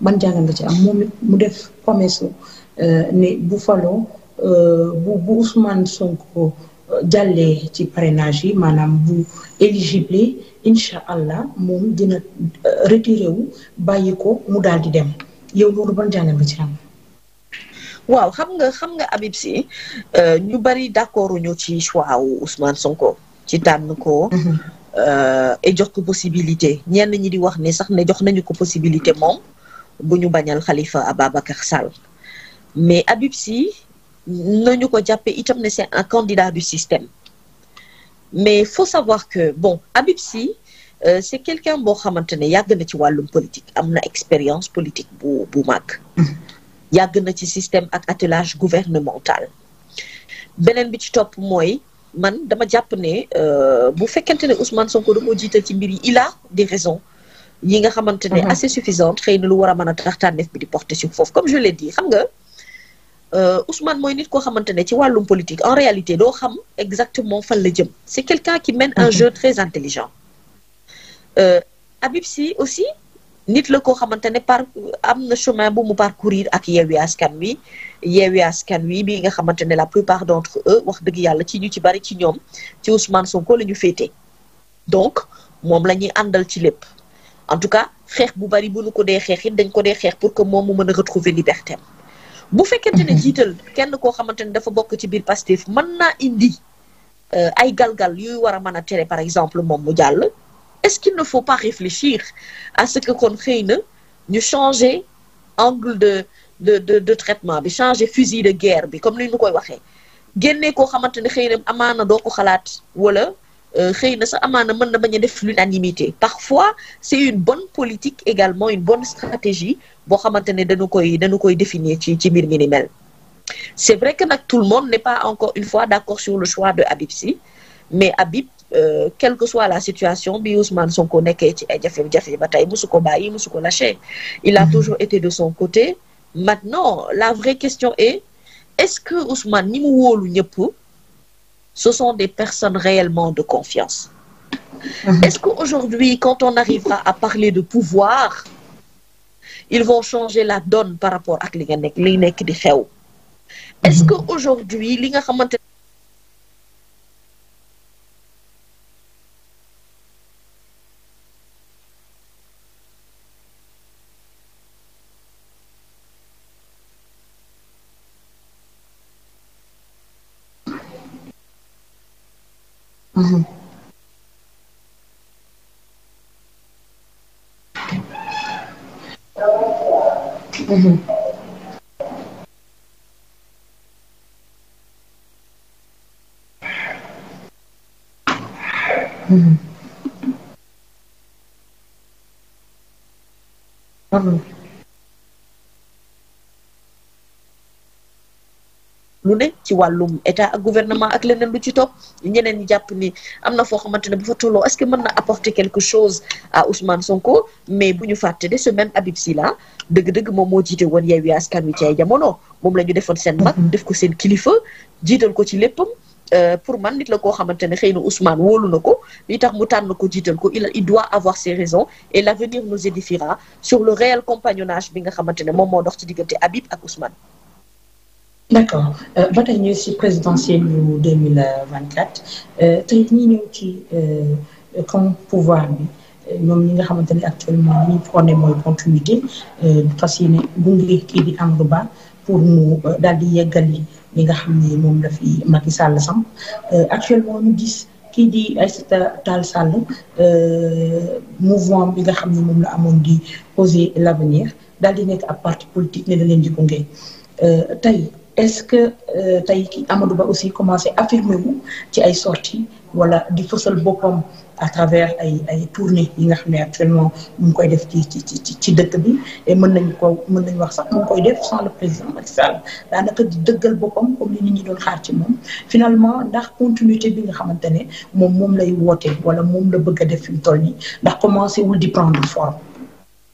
ban jàngat nga ci am moom mu def promesse euh, ne bu faloo euh, bu bu Ousmane Sonko euh, jàllee ci parrainage yi maanaam bu éligible incha allah moom dina retiré wu bàyyi ko mu daal di dem yow loolu ban jàngal nga ci am. waaw xam nga xam nga Habib Sy ñu bari d'accord ñu ci choix wu Sonko ci tànn ko. Mm-hmm. et jox ko possibilité ñenn ñi di wax ne sax ne jox nañu ko possibilité moom. bu ñu bañ bañal Khalifa Ababacar Sall mais Habib Sy nañu ko jàppe itam ne c'est un candidat du système mais faut savoir que bon Habib Sy euh, c'est quelqu'un boo xamante ne yàgg na ci wàllum politique am na expérience politique bu bu màgg yàgg na ci système ak attelage gouvernemental beneen bi ci topp mooy man dama jàpp ne euh, bu fekkente ne Ousmane Sonko da ko jiital ci mbir yi il a des raisons yi nga xamante ne mhm. assez suffisante xëy na lu war a mën a tax tànneef bi di porter sur foofu comme je l'ai dit xam nga euh, Ousmane mooy nit koo xamante ne ci wàllum politique en réalité doo xam exactement fan la jëm c'est quelqu'un qui mène un mhm. jeu très intelligent euh, Habib Sy aussi nit la koo xamante ne par am na chemin bu mu parcourir ak Yewwi Askan Wi Yewwi Askan Wi bi nga xamante ne la plupart d'entre eux wax dëgg yàlla ci ñu ci bari ci ñoom ci Ousmane Sonko la féete donc moom la ñuy àndal ci lépp en tout cas xeex bu bari bu nu ko dee xeex it dañ ko dee xeex pour que moom mu mën a retrouver liberté am bu fekkente ne jiital kenn koo xamante ne dafa bokk ci biir Pastef man naa indi euh, ay galgal yuy war a mën a tere par exemple moom mu jàll est-ce qu'il ne faut pas réfléchir à ce que kon xëy na ñu changer angle de de traitement bi changer fusil de guerre bi comme ni ñu koy waxee génnee koo xamante ne xëy na amaana doo ko xalaat wala Euh, xëy na sax amaana mën na bañ def l'unanimité parfois c'est une bonne politique également une bonne stratégie boo xamante ne dañu koy dañu koy définir ci ci mbir mi ni mel c'est vrai que nag tout le monde n'est pas encore une fois d'accord sur le choix de Habib Sy mais Habib Euh, quelle que soit la situation bi Ousmane Sonko nekkee ci ay jafe-jafe ba tey musu ko bàyyi musu ko il a mm -hmm. toujours été de son côté maintenant la vraie question est est-ce que Ousmane ni mu wóolu ñëpp ce sont des personnes réellement de confiance. Mmh. Est-ce qu'aujourd'hui, quand on arrivera à parler de pouvoir, ils vont changer la donne par rapport ak li nga nekk li nekk di xew. Est-ce mhm. qu'aujourd'hui, Uhum. Mm-hmm. Uhum. Mm-hmm. Uhum. Mm-hmm. Uhum. lu ne ci wàllum état ak gouvernement ak leneen lu ci topp ñeneen ñi jàpp ni am na foo xamante ne bu fa tolloo est-ce que mën na apporter quelque chose à Ousmane Sonko mais bu ñu fàtte de ce même Habib Sylla dëgg-dëgg moom moo jiite woon Yewwi Askan Wi ci ay jamono moom la ñu defoon seen mag mhm. def ko seen kilifa jiital ko ci léppam euh, pour man nit la koo xamante ne xëy na Ousmane wóolu na ko li tax mu tànn ko jiital ko il il doit avoir ses raisons et l'avenir nous édifiera sur bi nga xamante ne moom moo dox ci diggante Habib ak Ousmane d'accord euh, ba tey ñu si présidentielle yu 2024 euh, tey ñi ñëw ci euh, comme pouvoir bi ñoom ñi nga xamante ne actuellement li ñu prôné mooy continuité fas yéene gunge kii di lu Ba pour mu daal di yeggali li nga xam ne moom la fi Macky Sall sam actuellement ñu gis kii di Aïssata Tall Sall mouvement bi nga xam ne moom la amoon di Oser l'avenir daal di nekk ab parti politique ne da leen di gunge tey. est-ce que euh, tey Amadou Ba aussi commencé affirmer wu ci ay sorties wala di fësal boppam à travers ay ay tournées yi nga xam ne actuellement mu ngi koy def ci ci ci ci dëkk bi et mën nañu ko mën nañu wax sax mu ngi koy def sans le président Macky Sall daanaka di dëggal boppam comme li nit ñi doon xaar ci moom finalement ndax continuité bi nga xamante ne moom moom lay woote wala moom la bëgg a def fi mu toll nii ndax commencé wul di prendre forme.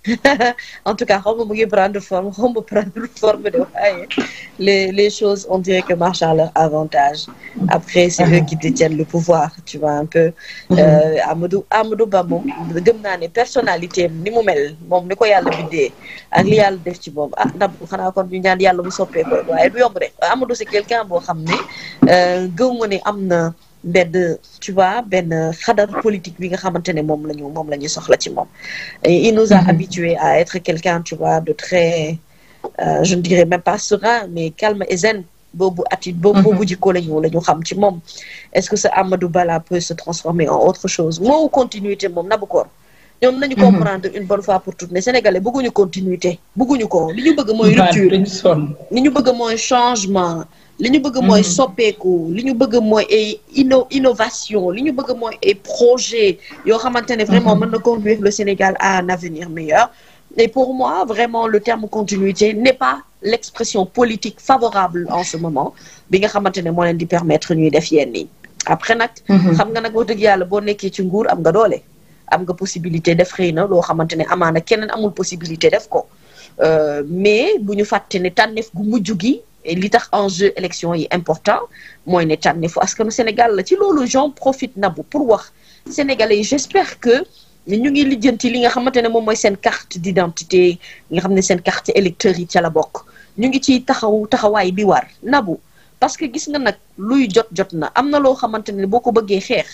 en tout cas xaw ma mu ngi prendre forme xaw ma prendre forme de waaye les les choses on dirait que marchent à leur avantage. après ci eux qui détiennent le pouvoir tu vois un peu. Mhm. Euh, Amadou Amadou Ba moom gëm naa ne personnalité ni mu mel moom ni ko yàlla bindee ak li yàlla def ci moom ah ndam xanaa kon ñu ñaan yàlla mu soppeeku waaye du yomb rek Amadou c'est quelqu'un boo xam ne euh, gëw nga ne am na. benn tu politique bi nga xamante ne moom la ñu moom la ñu soxla ci moom. il nous a mhm. habitués à être quelqu'un tu vois de très euh, je ne dirais même pas serein mais calme et zen. boobu attitude boobu mhm. boobu jikko la ñu xam ci moom. est-ce que ce Amadou Bala peut se transformer en autre chose moo continuité moom Nabou Cor. ñoom nañu mhm. comprendre une bonne fois pour toutes les Sénégalais bëgguñu continuité bëgguñu ko li ñu bëgg mooy rupture mooy changement. li ñu bëgg mooy mm-hmm. soppeeku li ñu bëgg mooy ay inno innovation li ñu bëgg mooy ay projet yoo xamante ne vraiment mm-hmm. mën na conduire le Sénégal à un avenir meilleur et pour moi vraiment le terme continuité n'est pas l'expression politique favorable en ce moment bi nga xamante ne moo leen di permettre ñuy def yenn yi après nag mm-hmm. xam nga nag wax dëgg yàlla boo nekkee ci nguur am nga doole am nga possibilité def xëy na loo xamante ne amaana keneen amul possibilité def ko euh, mais bu ñu fàtte ne tànneef gu mujj gi li tax enjeu élection yi important mooy ne tànneefu askanu Sénégal la ci loolu j'en profite Nabou pour wax sénégalais yi j'espère que ñu ngi lijjanti li nga xamante ne moom mooy seen carte d'identité nga xam ne seen carte électeur yi ca la bokk ñu ngi ciy taxaw taxawaay bi war nabu parce que gis nga nag luy jot jot na am na loo xamante ne boo ko bëggee xeex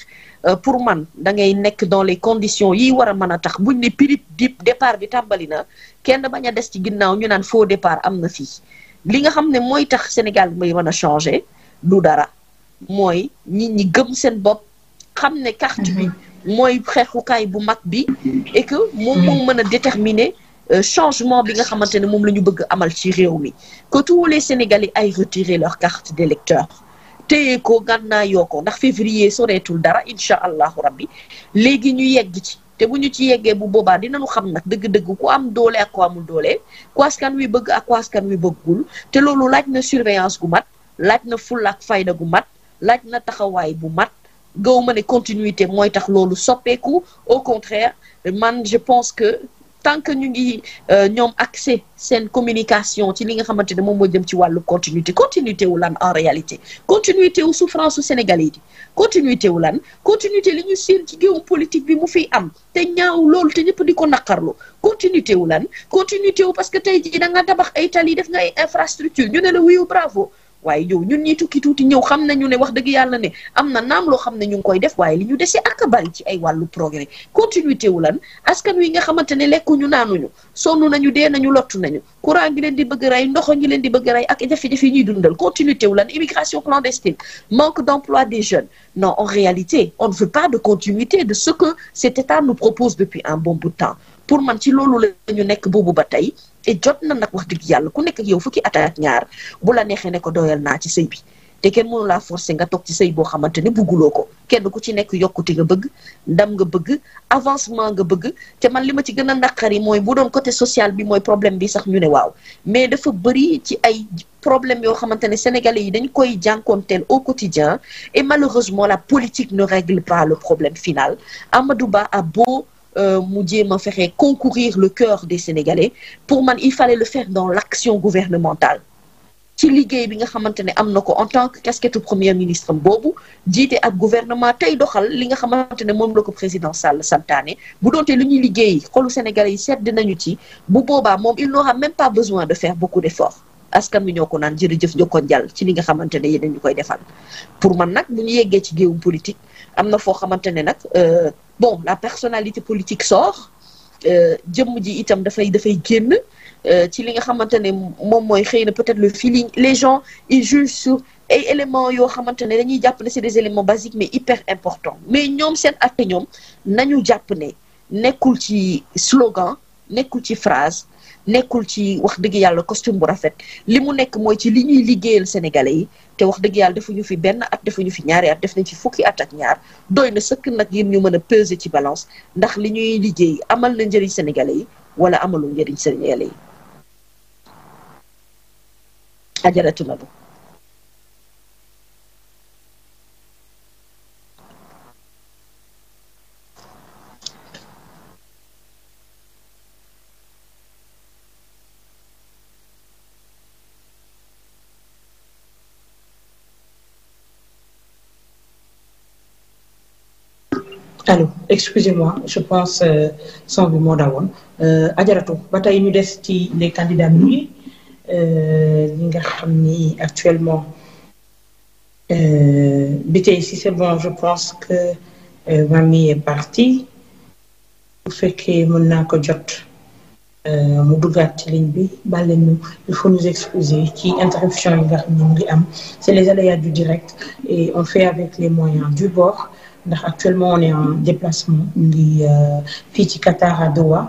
euh, pour man da ngay nekk dans les conditions yi war a mën a tax buñ ne pirip dip départ bi tàmbali na kenn bañ a des ci ginnaaw ñu naan faux départ am na fii li nga xam ne mooy tax Sénégal may mën changé changer du dara mooy nit ñi gëm seen bopp xam ne carte bi mhm. mooy xeexukaay bu mag bi et que moom moo mhm. mën a déterminer euh, changement bi nga xamante ne moom la ñu bëgg amal ci réew mi que tous les Sénégalais ay retirer leur carte d'électeur téye ko gànnaayoo ko ndax février soreetul dara incha allahu rabbi léegi ñu yegg ci te bu ñu ci yeggee bu boobaa dinañu xam nag dëgg-dëgg ku am doole ak ku amul doole ku wi bëgg ak ku wi bëggul te loolu laaj na surveillance gu mat laaj na full ak fayda gu mat laaj na taxawaay bu mat gaw ma ne continuité mooy tax loolu soppeeku au contraire man je pense que tant que ñu ngi euh, ñoom accès seen communication ci li nga xamante ne moom moo jëm ci wàllu continuité continuité wu lan en réalité continuité wu souffrance su Sénégalais yi continuité wu lan continuité li ñu seen ci géopolitique bi mu fiy am te ñaaw loolu te ñëpp di ko naqarlu continuité wu lan continuité wu parce que tey ji da nga tabax ay tali def nga ay infrastructure ñu ne la wuyu bravo waaye yow ñun ñi tukki tuuti ñëw xam nañu ne wax dëgg yàlla ne am na naam loo xam ne ñu ngi koy def waaye li ñu dese ak bari ci ay wàllu progrès continuité wu lan askan wi nga xamante ñu lekkuñu naanuñu sonn nañu dee nañu lottu nañu kuran gi leen di bëgg rey ndox ngi leen di bëgg rey ak jafe-jafe yi ñuy dundal continuité wu lan immigration clandestine manque d'emploi des jeunes non en réalité on ne veut pas de continuité de ce que cet état nous propose depuis un temps pour man ci loolu la ñu nekk boobu ba tey te jot na nag wax dëgg yàlla ku nekk ak yow fukki at ñaar bu la neexee ne ko doyal naa ci sëy bi te kenn mënu laa forcer nga toog ci sëy boo xamante ne ko kenn ku ci nekk yokku yokkute nga bëgg ndam nga bëgg avancement nga bëgg te man li ma ci gën a naqari mooy bu doon côté social bi mooy problème bi sax ñu ne waaw mais dafa bëri ci ay problème yoo xamante ne sénégalais yi dañ koy jànkoonteel au quotidien et malheureusement la politique ne règle pas le problème final Amadou Ba a Euh, mu jéem a fexe concourir le cœur des Sénégalais pour man il fallait le faire dans l'action gouvernementale ci liggéey bi nga xamante ne am na ko en tant que casquette premier ministre boobu jiite ab gouvernement tey doxal li nga xamante ne moom la ko président Sall santaane bu doonte lu ñuy liggéey xolu Sénégalais yi sedd nañu ci bu boobaa moom il n'aura même pas besoin de faire beaucoup d'efforts askan wi ñoo ko naan jërëjëf jokkoon jàll ci li nga xamante ne yéen ñu koy defal pour man nag bu ñu yeggee ci géewum politique am na foo xamante ne nag euh, bon la personnalité politique sort euh, jëmm ji itam dafay dafay génn euh, ci li nga xamante ne moom mooy xëy na peut-être le feeling les gens ils jugent sur ay éléments yoo xamante ne dañuy jàpp ne c'est des éléments basiques mais hyper importants mais ñoom seen atte ñoom nañu jàpp ne nekkul ci slogan nekkul ci phrase nekkul ci wax dëgg yàlla costume bu rafet li mu nekk mooy ci li ñuy liggéeyal sénégalais yi te wax dëgg yàlla defuñu fi benn at defuñu fi ñaari at def nañ fi fukki at ak ñaar doy na sëkk nag yéen ñu mën a peser ci balance ndax li ñuy liggéey amal na njëriñ sénégalais yi wala amalu njëriñ sénégalais yi ajaratu na bu Allô excusez-moi je pense euh, son bi moo dawoon euh, ajaratu ba tey ñu des ci les candidats munis euh, ñi nga xam ni actuellement bi tey si c'est bon je pense que euh, Mami est partie bu fekke mën naa ko jot mu duggaat ci ligne bi bàlle ñu il faut nous excuser ci interruption yi nga xam ne ngi am c'est les aléas du direct et on fait avec les moyens du bord ndax actuellement on est en déplacement ñu ngi euh, fii ci Qatar à Doha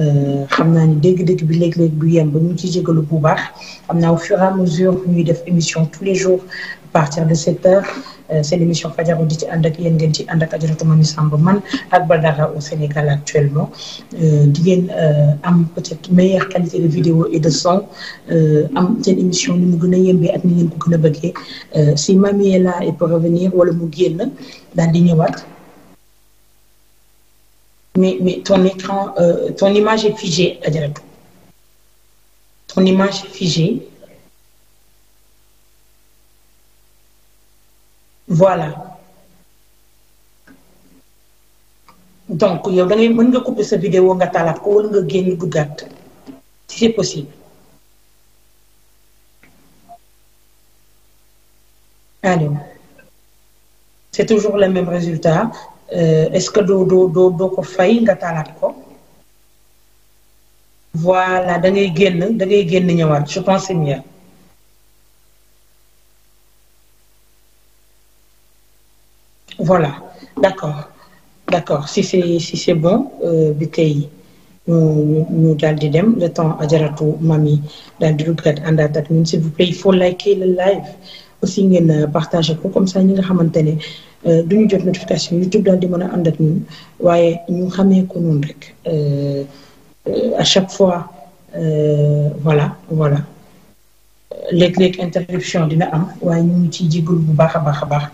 euh, xam naa ni dégg-dégg bi léeg-léeg bu yem ba ñu ngi ci jégalu bu baax xam naa au fur et à mesure ñuy def émission tous les jours partir de 7 heures euh, seen émission fajaru di ci ànd ak yéen ngeen ci ànd ak ajaratu ni Samb man ak dara au Sénégal actuellement euh, di ngeen euh, am peut-être meilleure qualité de vidéo et de son am seen émission ni mu gën a yembee ak ni ngeen ko gën bëggee si Mamy est là revenir wala mu génn daal di ñëwaat. mais mais ton écran ton image est figée ajaratu ton image est figée. voilà donc yow da ngay mën nga couper sa vidéo nga talaat ko wala nga génn duggaat si c'est possible allo c'est toujours le même résultat euh, est-ce que doo doo doo doo ko fay nga talaat ko voilà da ngay génn da ngay génn ñëwaan je pense c'est mieux voilà d'accord d'accord si c'est si c'est bon euh, bi tey ñu ñu daal di dem le temps ajaratu mami daal di dugg rek àndaat ak ñun s'il vous plaît il faut liker live aussi ngeen euh, partager ko comme ça ñi nga xamante ne euh, duñu jot notification YouTube daal di mën a ànd ak ñun waaye ñu xamee ko noonu rek à chaque fois voilà voilà léeg-léeg interruption dina am waaye ñu ngi ciy jégalu bu baax a baax a baax.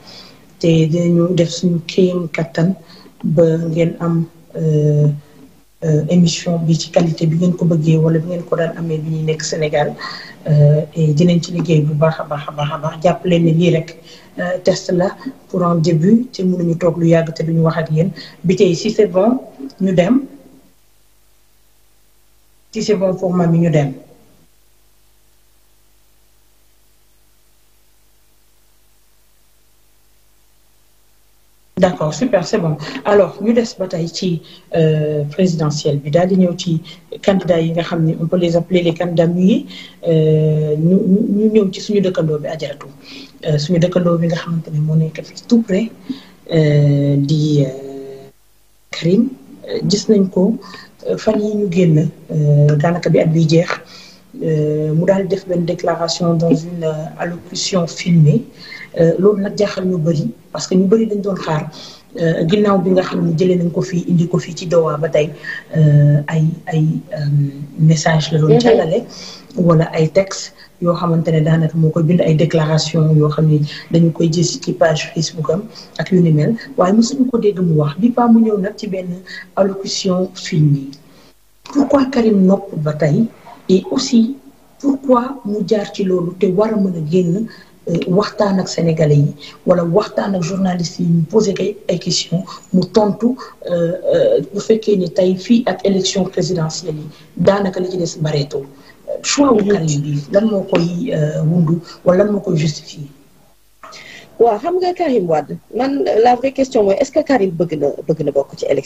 te dinañu def suñu kéem kattan ba ngeen am euh, euh, émission bi ci qualité bi ngeen ko bëggee wala bi ngeen ko daan amee bi ñuy nekk Sénégal euh, et dinañ ci liggéey bu baax a baax a baax a baax jàpp leen ne lii rek test la pour un début te mënuñu toog lu yàgg te duñu wax ak yéen bi tey si c'est bon ñu dem si c'est bon pour ma mi ñu dem. d'accord super c'est bon alors ñu des ba tey ci euh, présidentielle bi daal di ñëw ci candidats yi nga xam ni on peut les appeler les candidats mui euh, ñu ñu ñëw ci suñu dëkkandoo bi ajaratu euh, suñu dëkkandoo bi nga xamante ne moo nekk fii tout près di Karim gis nañ ko fan yi ñu génn daanaka bi at bi jeex Euh, mu daal def benn déclaration dans une euh, allocution filmée euh, loolu nag jaaxal ñu bëri parce que ñu bëri dañ doon xaar ginnaaw bi nga xam ne jëlee nañ ko fii indi ko fii ci Doha ba tey ay ay message la doon mhm. jàllale wala ay text yoo xamante ne daanaka moo koy bind ay déclaration yoo xam ne dañu koy gis ci page Facebook am ak yu ni mel waaye mosuñu ko dégg mu wax bi paa mu ñëw nag ci benn allocution filmée pourquoi Karim nopp ba tey et aussi pourquoi mu jaar ci loolu te war a mën a génn euh, waxtaan ak sénégalais yi wala waxtaan ak journalistes yi ñu posé ay questions mu tontu euh, euh, bu fekkee ni tey fii ak élection présidentielle yi daanaka li ci des bareetul choix wu Karim bi lan moo koy wundu wala lan moo koy justifier. waaw xam nga Karim Wade man la vraie question mooy est-ce que Karim bëgg na bëgg na bokk ci élection.